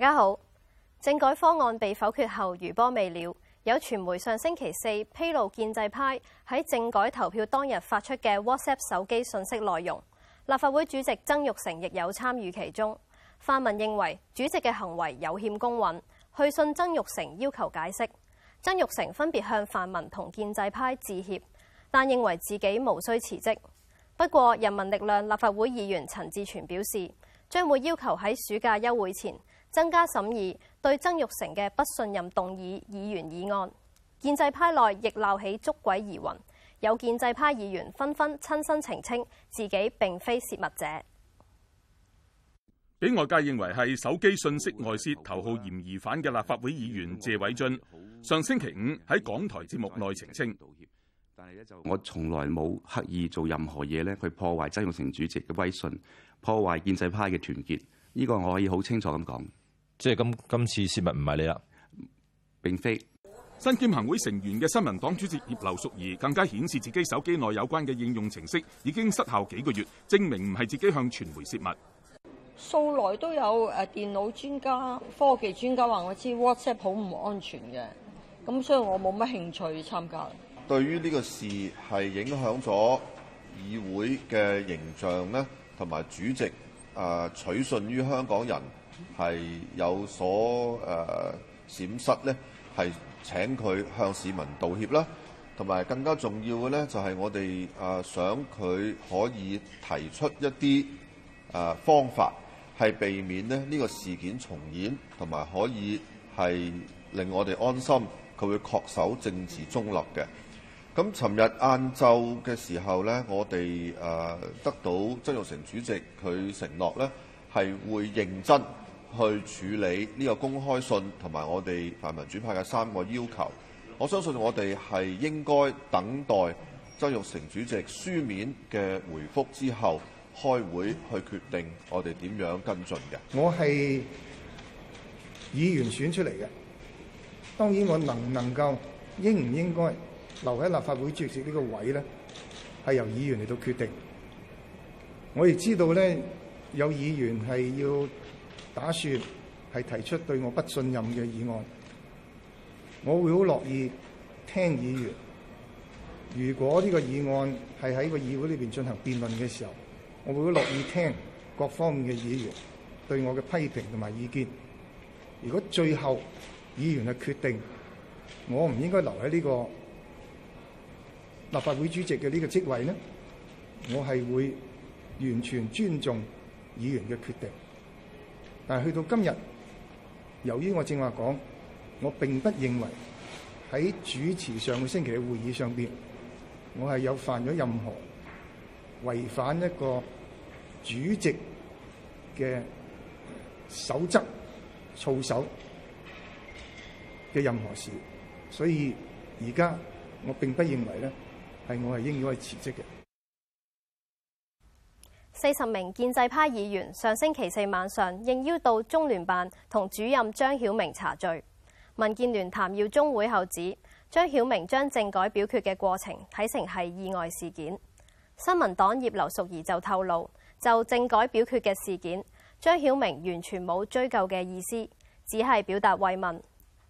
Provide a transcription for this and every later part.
大家好，政改方案被否決後餘波未了，有傳媒上星期四披露建制派喺政改投票當日發出嘅 WhatsApp 手機信息內容。立法會主席曾鈺成亦有參與其中，泛民認為主席嘅行為有欠公允，去信曾鈺成要求解釋。曾鈺成分別向泛民同建制派致歉，但認為自己無需辭職。不過，人民力量立法會議員陳志全表示，將會要求喺暑假休會前。增加審議對曾鈺成嘅不信任動議議員議案，建制派內亦鬧起捉鬼疑雲，有建制派議員紛紛親身澄清自己並非泄密者。俾外界認為係手機訊息外泄頭號嫌疑犯嘅立法會議員謝偉俊，上星期五喺港台節目內澄清：但係呢就我從來冇刻意做任何嘢咧去破壞曾鈺成主席嘅威信，破壞建制派嘅團結，呢個我可以好清楚咁講。即係今今次泄密，唔係你啦？並非新任行會成員嘅新民黨主席葉劉淑儀更加顯示自己手機內有關嘅應用程式已經失效幾個月，證明唔係自己向傳媒泄密。素來都有誒電腦專家、科技專家話我知 WhatsApp 好唔安全嘅，咁所以我冇乜興趣參加。對於呢個事係影響咗議會嘅形象咧，同埋主席誒取信於香港人。係有所誒、呃、閃失咧，係請佢向市民道歉啦，同埋更加重要嘅咧就係、係、我哋、呃、想佢可以提出一啲、呃、方法，係避免呢呢、呢個事件重演，同埋可以係令我哋安心，佢會確守政治中立嘅。咁尋日晏晝嘅時候咧，我哋、呃、得到曾鈺成主席佢承諾咧，係會認真，去處理呢個公開信同埋我哋泛民主派嘅三個要求，我相信我哋係應該等待曾鈺成主席書面嘅回覆之後開會去決定我哋點樣跟進嘅。我係議員選出嚟嘅，當然我能唔能夠應唔應該留喺立法會主席呢個位咧，係由議員嚟到決定。我亦知道咧，有議員係要。打算係提出對我不信任嘅議案，我會好樂意聽議員。如果呢個議案係喺個議會裏邊進行辯論嘅時候，我會好樂意聽各方面嘅議員對我嘅批評同埋意見。如果最後議員嘅決定我唔應該留喺呢個立法會主席嘅呢個職位呢，我係會完全尊重議員嘅決定。但係去到今日，由於我正話講，我並不認為喺主持上個星期嘅會議上邊，我係有犯咗任何違反一個主席嘅守則操守嘅任何事，所以而家我並不認為咧係我係應該辭職嘅。四十名建制派議員上星期四晚上應邀到中聯辦同主任張曉明茶敘。民建聯譚耀宗會後指張曉明將政改表決嘅過程睇成係意外事件。新民黨葉劉淑儀就透露，就政改表決嘅事件，張曉明完全冇追究嘅意思，只係表達慰問。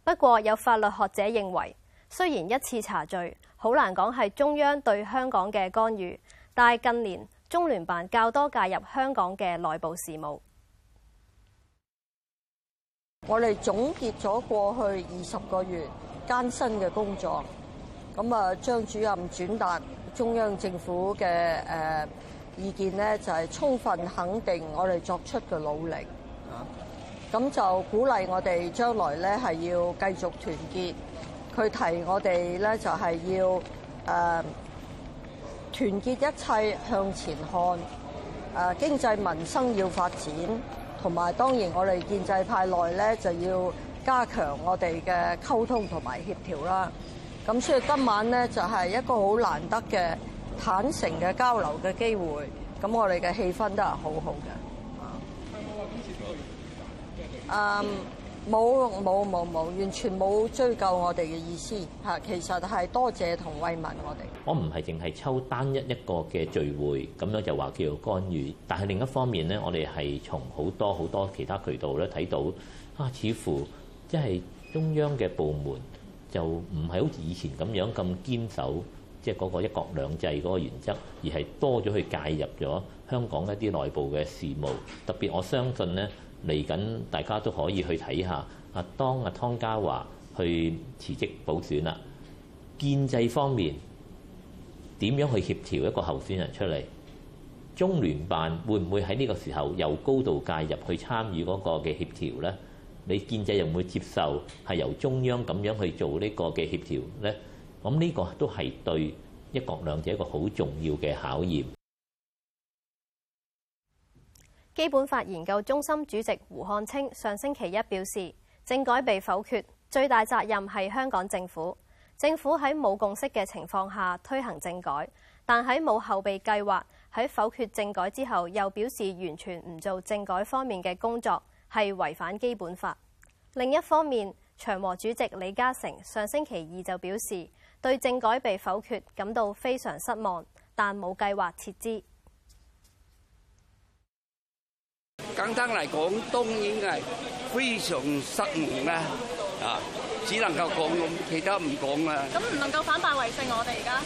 不過有法律學者認為，雖然一次茶敘好難講係中央對香港嘅干預，但係近年，中聯辦較多介入香港嘅內部事務。我哋總結咗過去二十個月艱辛嘅工作，咁啊張主任轉達中央政府嘅誒意見呢，就係充分肯定我哋作出嘅努力啊，咁就鼓勵我哋將來呢係要繼續團結。佢提我哋呢就係要誒。團結一切向前看，誒經濟民生要發展，同埋當然我哋建制派內咧就要加強我哋嘅溝通同埋協調啦。咁所以今晚咧就係一個好難得嘅坦誠嘅交流嘅機會。咁我哋嘅氣氛都係好好嘅。啊。嗯。冇冇冇冇，完全冇追究我哋嘅意思吓，其實係多謝同慰問我哋。我唔係淨係抽單一一個嘅聚會，咁樣就話叫做干預。但係另一方面咧，我哋係從好多好多其他渠道咧睇到啊，似乎即係中央嘅部門就唔係好似以前咁樣咁堅守即係嗰個一國兩制嗰個原則，而係多咗去介入咗香港一啲內部嘅事務，特別我相信咧。嚟緊，來大家都可以去睇下。啊，當阿湯家驊去辭職補選啦，建制方面點樣去協調一個候選人出嚟？中聯辦會唔會喺呢個時候由高度介入去參與嗰個嘅協調呢？你建制又唔會接受係由中央咁樣去做呢個嘅協調呢？咁呢個都係對一國兩制一個好重要嘅考驗。基本法研究中心主席胡漢清上星期一表示，政改被否決，最大責任係香港政府。政府喺冇共識嘅情況下推行政改，但喺冇後備計劃，喺否決政改之後又表示完全唔做政改方面嘅工作，係違反基本法。另一方面，長和主席李嘉誠上星期二就表示，對政改被否決感到非常失望，但冇計劃撤資。簡單嚟講，當然係非常失望啦！啊，只能夠講咁，其他唔講啦。咁唔能夠反敗為勝，我哋而家。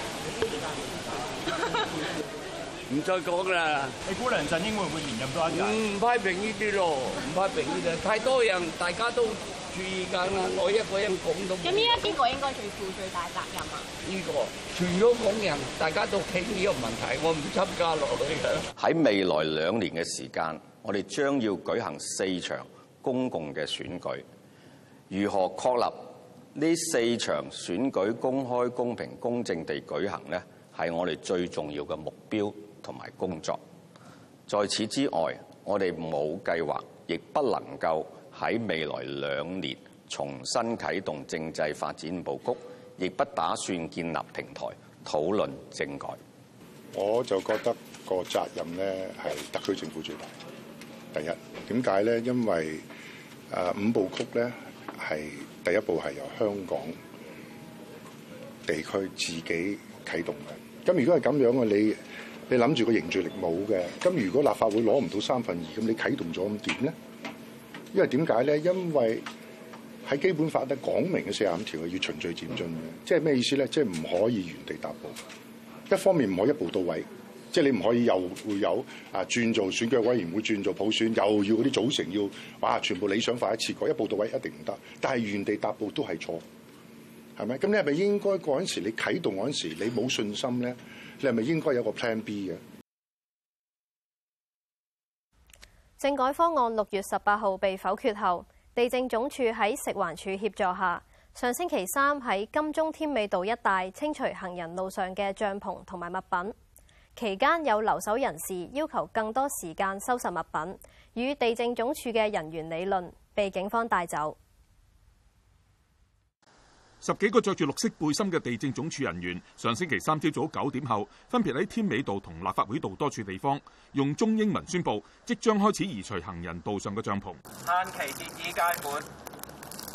唔再講啦。你估梁振英會唔會連任多一屆？唔批評呢啲咯，唔批評呢啲，太多人，大家都注意緊啦。我一個人講都。咁呢一邊個應該最負最大責任啊？呢個，除咗講人，大家都傾呢個問題，我唔參加落去啦。喺未來兩年嘅時間。我哋將要舉行四場公共嘅選舉，如何確立呢四場選舉公開、公平、公正地舉行呢，係我哋最重要嘅目標同埋工作。在此之外，我哋冇計劃，亦不能夠喺未來兩年重新啟動政制發展佈局，亦不打算建立平台討論政改。我就覺得個責任呢，係特區政府最大。第一點解咧？因為誒、呃、五部曲咧係第一部係由香港地區自己啟動嘅。咁如果係咁樣嘅，你你諗住個凝聚力冇嘅。咁如果立法會攞唔到三分二，咁你啟動咗咁點咧？因為點解咧？因為喺基本法咧講明嘅四十五條要循序漸進嘅。即係咩意思咧？即係唔可以原地踏步。一方面唔可以一步到位。即係你唔可以又會有啊轉做選舉委員會，轉做普選，又要嗰啲組成要哇全部理想化一次過，一步到位一定唔得。但係原地踏步都係錯，係咪？咁你係咪應該嗰陣時你啟動嗰陣時你冇信心呢？你係咪應該有個 plan B 嘅政改方案？六月十八號被否決後，地政總署喺食環署協助下，上星期三喺金鐘添美道一帶清除行人路上嘅帳篷同埋物品。期間有留守人士要求更多時間收拾物品，與地政總署嘅人員理論，被警方帶走。十幾個着住綠色背心嘅地政總署人員，上星期三朝早九點後，分別喺添美道同立法會道多處地方，用中英文宣布即將開始移除行人道上嘅帳篷。限期已屆滿，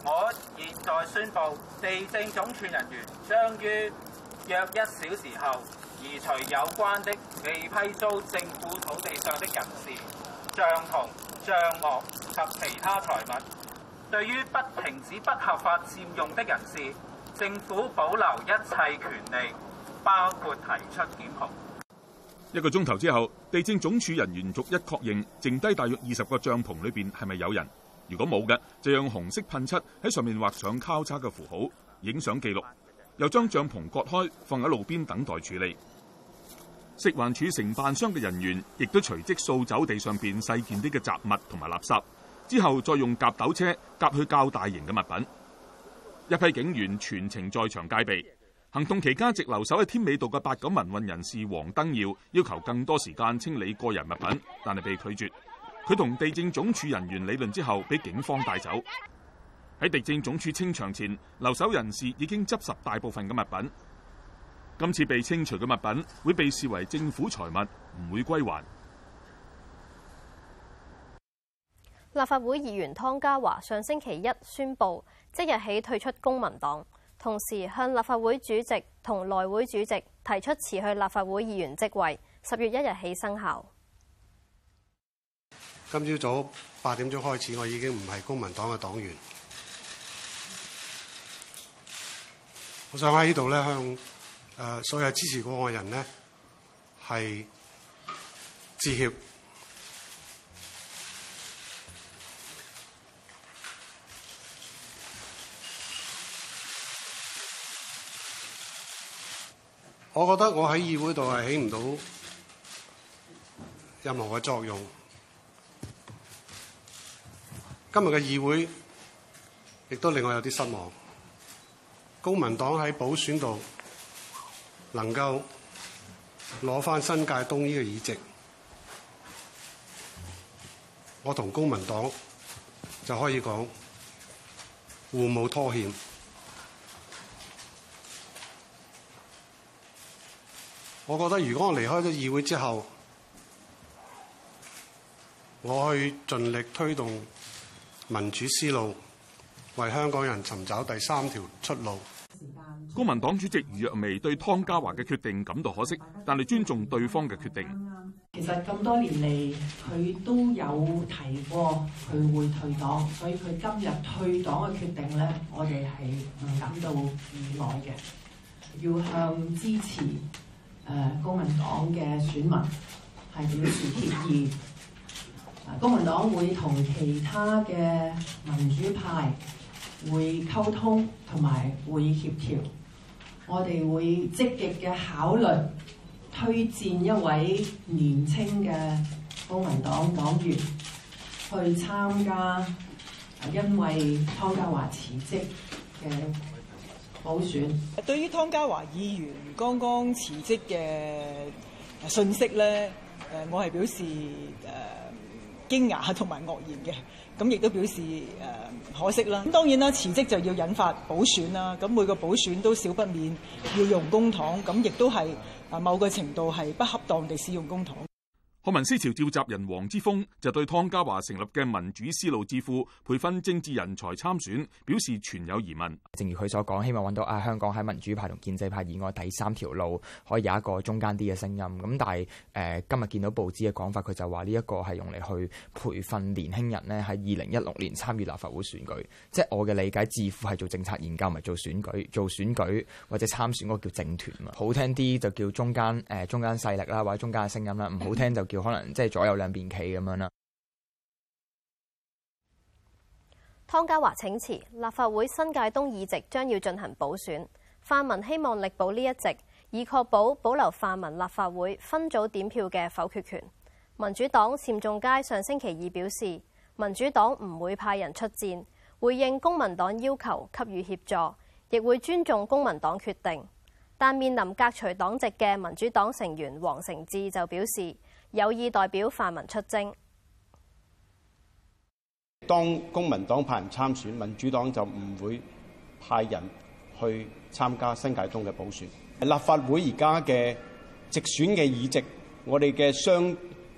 我現在宣布，地政總署人員將於約一小時後。而除有關的未批租政府土地上的人士、帳篷、帳幕及其他財物，對於不停止不合法佔用的人士，政府保留一切權利，包括提出檢控。一個鐘頭之後，地政總署人員逐一確認，剩低大約二十個帳篷裏邊係咪有人？如果冇嘅，就用紅色噴漆喺上面畫上交叉嘅符號，影相記錄。又將帳篷割開放喺路邊等待處理。食環署承辦商嘅人員亦都隨即掃走地上邊細件啲嘅雜物同埋垃圾，之後再用夾斗車夾去較大型嘅物品。一批警員全程在場戒備。行動期間直留守喺添美道嘅八九民運人士黃登耀要求更多時間清理個人物品，但係被拒絕。佢同地政總署人員理論之後，畀警方帶走。喺地政總署清場前，留守人士已經執拾大部分嘅物品。今次被清除嘅物品會被視為政府財物，唔會歸還。立法會議員湯家驊上星期一宣布，即日起退出公民黨，同時向立法會主席同內會主席提出辭去立法會議員職位，十月一日起生效。今朝早八點鐘開始，我已經唔係公民黨嘅黨員。我想喺呢度咧，向誒所有支持過我嘅人咧，係致歉。我覺得我喺議會度係起唔到任何嘅作用。今日嘅議會亦都令我有啲失望。公民黨喺補選度能夠攞返新界東呢個議席，我同公民黨就可以講互無拖欠。我覺得如果我離開咗議會之後，我去盡力推動民主思路。為香港人尋找第三條出路。公民黨主席余若薇對湯家驊嘅決定感到可惜，但係尊重對方嘅決定。其實咁多年嚟，佢都有提過佢會退黨，所以佢今日退黨嘅決定咧，我哋係唔感到意外嘅。要向支持誒公民黨嘅選民係表示歉意。公民黨會同其他嘅民主派。會溝通同埋會協調，我哋會積極嘅考慮推薦一位年輕嘅公民黨黨員去參加，因為湯家驊辭職嘅補選。對於湯家驊議員剛剛辭職嘅訊息呢，我係表示驚訝同埋愕然嘅，咁亦都表示誒可惜啦。咁當然啦，辭職就要引發補選啦。咁每個補選都少不免要用公帑，咁亦都係啊某個程度係不恰當地使用公帑。學民思潮召集人黃之鋒就對湯家驊成立嘅民主思路智庫培訓政治人才參選表示存有疑問。正如佢所講，希望揾到啊香港喺民主派同建制派以外第三條路，可以有一個中間啲嘅聲音。咁但係誒、呃、今日見到報紙嘅講法，佢就話呢一個係用嚟去培訓年輕人呢喺二零一六年參與立法會選舉。即係我嘅理解，智庫係做政策研究，唔係做選舉，做選舉或者參選嗰個叫政團啊，好聽啲就叫中間誒、呃、中間勢力啦，或者中間嘅聲音啦，唔好聽就叫。可能即係左右兩邊企咁樣啦。湯家驊請辭，立法會新界東議席將要進行補選，泛民希望力保呢一席，以確保保留泛民立法會分組點票嘅否決權。民主黨佔中街上星期二表示，民主黨唔會派人出戰，回應公民黨要求給予協助，亦會尊重公民黨決定。但面臨革除黨籍嘅民主黨成員黃成智就表示。有意代表泛民出征。當公民黨派人參選，民主黨就唔會派人去參加新界東嘅補選。立法會而家嘅直選嘅議席，我哋嘅相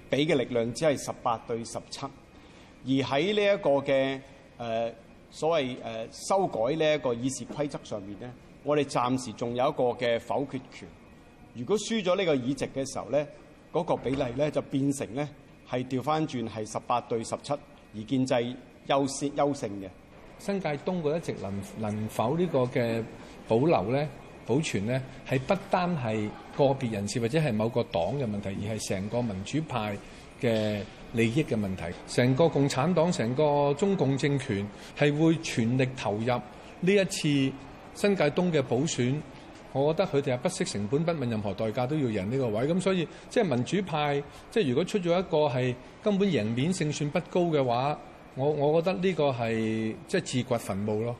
比嘅力量只係十八對十七。而喺呢一個嘅誒所謂誒、呃、修改呢一個議事規則上面呢，我哋暫時仲有一個嘅否決權。如果輸咗呢個議席嘅時候咧。嗰個比例咧就變成咧係調翻轉係十八對十七，而建制優勝優勝嘅。新界東嗰一席能能否呢個嘅保留咧、保存咧，係不單係個別人士或者係某個黨嘅問題，而係成個民主派嘅利益嘅問題。成個共產黨、成個中共政權係會全力投入呢一次新界東嘅補選。我覺得佢哋係不惜成本、不問任何代價都要贏呢個位，咁所以即係民主派，即係如果出咗一個係根本贏面勝算不高嘅話，我我覺得呢個係即係自掘墳墓咯。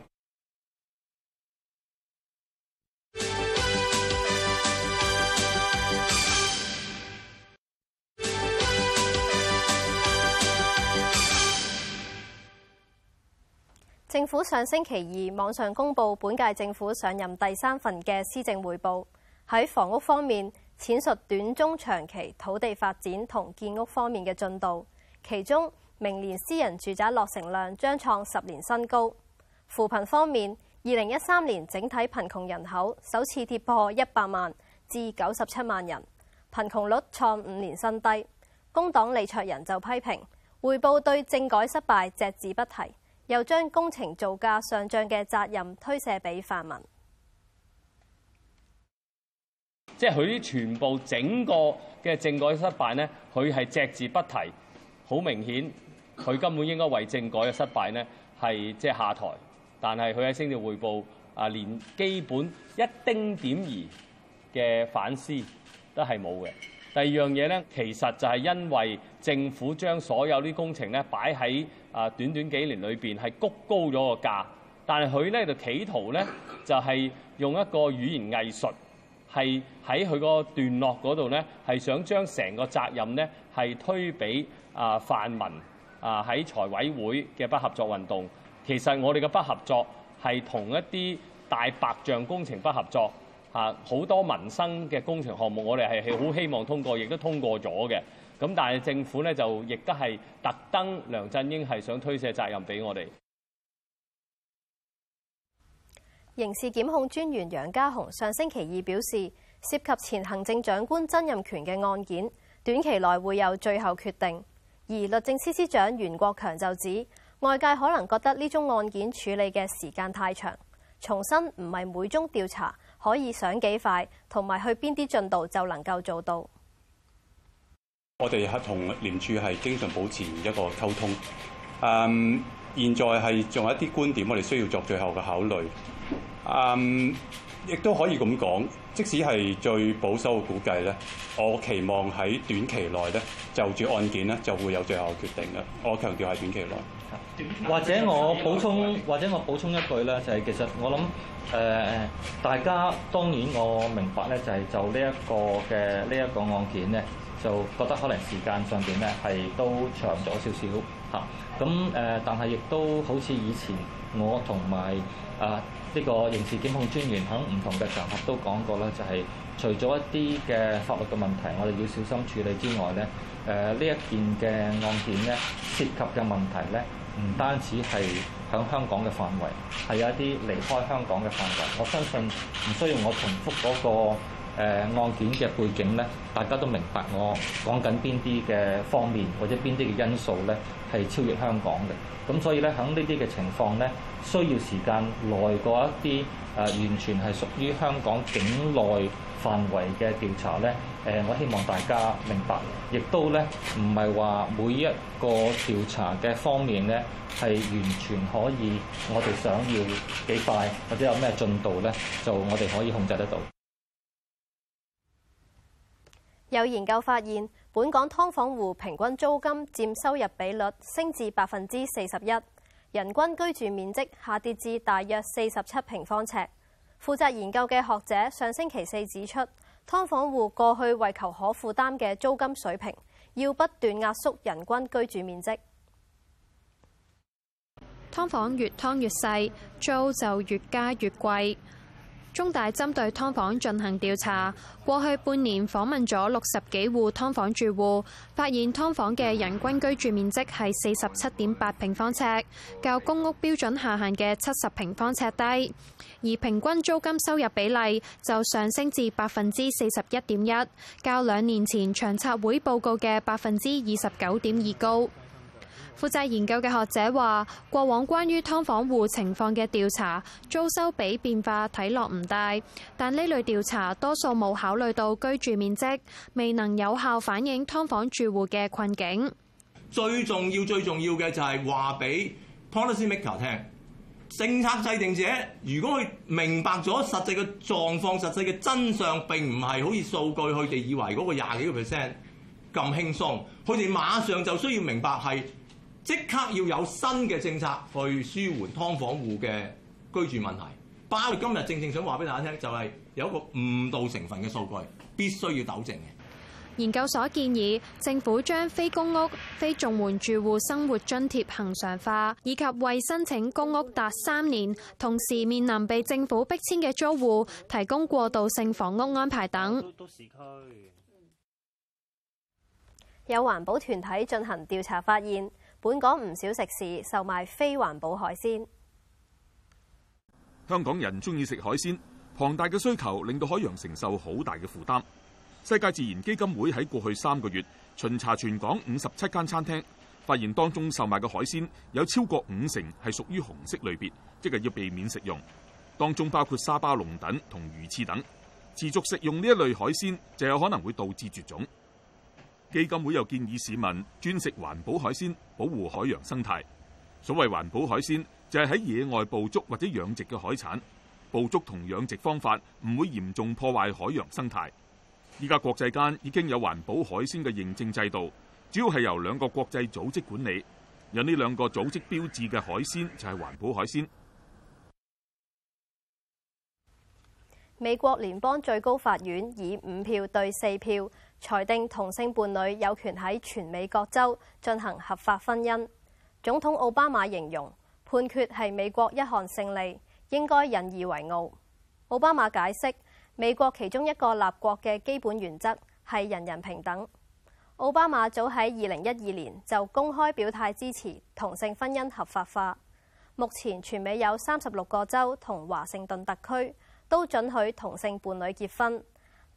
政府上星期二網上公布本屆政府上任第三份嘅施政匯報。喺房屋方面，闡述短中長期土地發展同建屋方面嘅進度。其中，明年私人住宅落成量將創十年新高。扶貧方面，二零一三年整體貧窮人口首次跌破一百萬，至九十七萬人，貧窮率創五年新低。工黨李卓人就批評，匯報對政改失敗隻字不提。又將工程造價上漲嘅責任推卸俾泛民，即係佢全部整個嘅政改失敗呢，佢係隻字不提。好明顯，佢根本應該為政改嘅失敗呢係即係下台，但係佢喺星期六匯報啊，連基本一丁點兒嘅反思都係冇嘅。第二樣嘢呢，其實就係因為政府將所有啲工程呢擺喺，擺啊！短短幾年裏邊係谷高咗個價，但他，但係佢咧就企圖咧就係、係、用一個語言藝術，係喺佢個段落嗰度咧係想將成個責任咧係推俾啊泛民啊喺財委會嘅不合作運動。其實我哋嘅不合作係同一啲大白象工程不合作，嚇好多民生嘅工程項目，我哋係係好希望通過，亦都通過咗嘅。咁，但係政府呢，就亦都係特登，梁振英係想推卸責任俾我哋。刑事檢控專員楊家雄上星期二表示，涉及前行政長官曾蔭權嘅案件，短期內會有最後決定。而律政司司長袁國強就指，外界可能覺得呢宗案件處理嘅時間太長，重申唔係每宗調查可以想幾快，同埋去邊啲進度就能夠做到。我哋係同廉署係經常保持一個溝通。嗯，現在係仲有一啲觀點，我哋需要作最後嘅考慮。嗯，亦都可以咁講，即使係最保守嘅估計咧，我期望喺短期內咧就住案件咧就會有最後決定嘅。我強調係短期內，或者我補充，或者我補充一句咧，就係其實我諗。誒，大家當然我明白咧，就係就呢一個嘅呢一個案件咧，就覺得可能時間上邊咧係都長咗少少吓。咁誒，但係亦都好似以前我同埋啊呢個刑事檢控專員喺唔同嘅場合都講過啦，就係除咗一啲嘅法律嘅問題，我哋要小心處理之外咧，誒呢一件嘅案件咧涉及嘅問題咧，唔單止係。響香港嘅範圍，係有一啲離開香港嘅範圍，我相信唔需要我重複嗰個誒案件嘅背景咧，大家都明白我講緊邊啲嘅方面，或者邊啲嘅因素咧係超越香港嘅。咁所以咧，響呢啲嘅情況咧，需要時間耐過一啲誒完全係屬於香港境內。範圍嘅調查咧，我希望大家明白，亦都咧唔係話每一個調查嘅方面咧係完全可以我哋想要幾快或者有咩進度咧，就我哋可以控制得到。有研究發現，本港劏房戶平均租金佔收入比率升至百分之四十一，人均居住面積下跌至大約四十七平方尺。負責研究嘅學者上星期四指出，劏房戶過去為求可負擔嘅租金水平，要不斷壓縮人均居住面積。劏房越劏越細，租就越加越貴。中大針對劏房進行調查，過去半年訪問咗六十幾戶劏房住戶，發現劏房嘅人均居住面積係四十七點八平方尺，較公屋標準下限嘅七十平方尺低；而平均租金收入比例就上升至百分之四十一點一，較兩年前長策會報告嘅百分之二十九點二高。負責研究嘅學者話：過往關於㓥房戶情況嘅調查，租收比變化睇落唔大，但呢類調查多數冇考慮到居住面積，未能有效反映劏房住戶嘅困境。最重要、最重要嘅就係話俾 Policymaker 聽，政策制定者如果佢明白咗實際嘅狀況、實際嘅真相，並唔係好似數據佢哋以為嗰個廿幾個 percent 咁輕鬆，佢哋馬上就需要明白係。即刻要有新嘅政策去舒緩劏房戶嘅居住問題。包括今日正正想話俾大家聽，就係有一個誤導成分嘅數據必須要糾正。研究所建議政府將非公屋非綜援住戶生活津貼恆常化，以及為申請公屋達三年，同時面臨被政府逼遷嘅租戶提供過渡性房屋安排等。都市區有環保團體進行調查發現，本港唔少食肆售賣非環保海鮮。香港人鍾意食海鮮，龐大嘅需求令到海洋承受好大嘅負擔。世界自然基金會喺過去三個月巡查全港五十七間餐廳，發現當中售賣嘅海鮮有超過五成係屬於紅色類別，即係要避免食用。當中包括沙巴龍等同魚翅等，持續食用呢一類海鮮就有可能會導致絕種。基金會又建議市民專食環保海鮮，保護海洋生態。所謂環保海鮮，就係喺野外捕捉或者養殖嘅海產，捕捉同養殖方法唔會嚴重破壞海洋生態。依家國際間已經有環保海鮮嘅認證制度，主要係由兩個國際組織管理，有呢兩個組織標誌嘅海鮮就係環保海鮮。美國聯邦最高法院以五票對四票。裁定同性伴侶有權喺全美各州進行合法婚姻。總統奧巴馬形容判決係美國一項勝利，應該引以為傲。奧巴馬解釋，美國其中一個立國嘅基本原則係人人平等。奧巴馬早喺二零一二年就公開表態支持同性婚姻合法化。目前全美有三十六個州同華盛頓特區都准許同性伴侶結婚。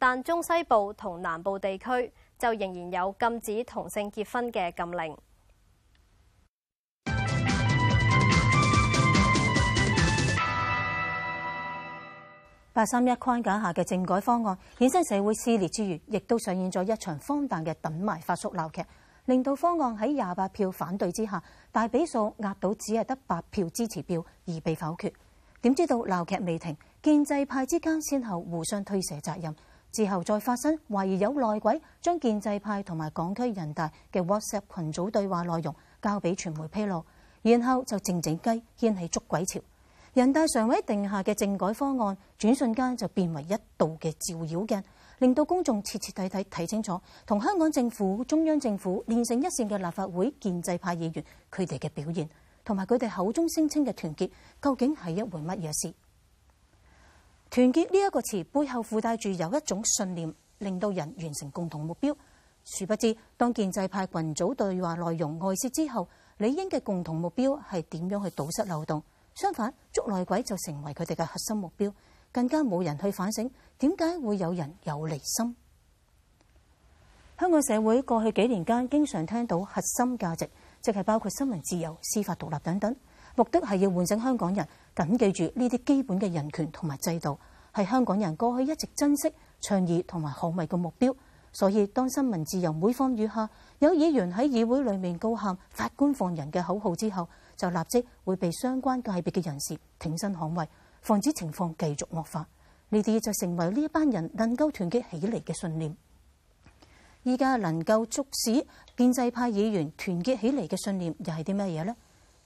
但中西部同南部地區就仍然有禁止同性結婚嘅禁令。八三一框架下嘅政改方案衍生社會撕裂之餘，亦都上演咗一場荒誕嘅等埋發叔鬧劇，令到方案喺廿八票反對之下，大比數壓到只係得八票支持票而被否決。點知道鬧劇未停，建制派之間先後互相推卸責任。事後再發生，懷疑有內鬼將建制派同埋港區人大嘅 WhatsApp 群組對話內容交俾傳媒披露，然後就靜靜雞掀起捉鬼潮。人大常委定下嘅政改方案，轉瞬間就變為一道嘅照妖鏡，令到公眾徹徹底底睇清楚同香港政府、中央政府連成一線嘅立法會建制派議員佢哋嘅表現，同埋佢哋口中聲稱嘅團結，究竟係一回乜嘢事？團結呢一個詞背後附帶住有一種信念，令到人完成共同目標。殊不知，當建制派群組對話內容外泄之後，理應嘅共同目標係點樣去堵塞漏洞？相反，捉內鬼就成為佢哋嘅核心目標，更加冇人去反省點解會有人有離心。香港社會過去幾年間經常聽到核心價值，即係包括新聞自由、司法獨立等等。目的係要喚醒香港人緊記住呢啲基本嘅人權同埋制度係香港人過去一直珍惜、倡議同埋捍衞嘅目標。所以當新聞自由每況愈下，有議員喺議會裏面高喊法官放人嘅口號之後，就立即會被相關界別嘅人士挺身捍衞，防止情況繼續惡化。呢啲就成為呢一班人能夠團結起嚟嘅信念。而家能夠促使建制派議員團結起嚟嘅信念又係啲乜嘢呢？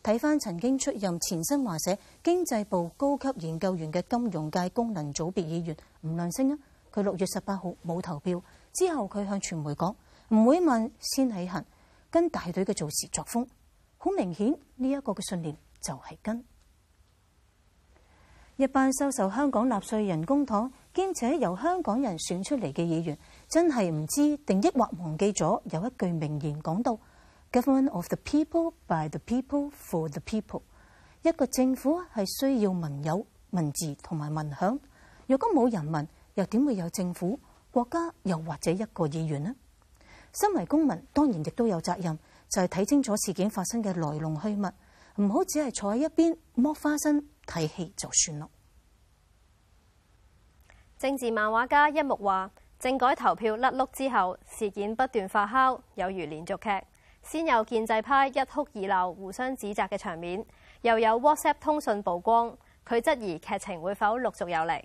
睇翻曾經出任前新華社經濟部高級研究員嘅金融界功能組別議員吳亮星啊，佢六月十八號冇投票，之後佢向傳媒講，唔會問先起行，跟大隊嘅做事作風，好明顯呢一個嘅信念就係跟。一班收受香港納稅人公帑兼且由香港人選出嚟嘅議員，真係唔知定抑或忘記咗有一句名言講到。Government of the people, by the people, for the people。一個政府係需要民有、民治同埋民享。若果冇人民，又點會有政府、國家又或者一個議員呢？身為公民，當然亦都有責任，就係、是、睇清楚事件發生嘅來龍去脈，唔好只係坐喺一邊剝花生睇戲就算咯。政治漫畫家一木話：政改投票甩碌之後，事件不斷發酵，有如連續劇。先有建制派一哭二鬧互相指責嘅場面，又有 WhatsApp 通訊曝光，佢質疑劇情會否陸續有嚟。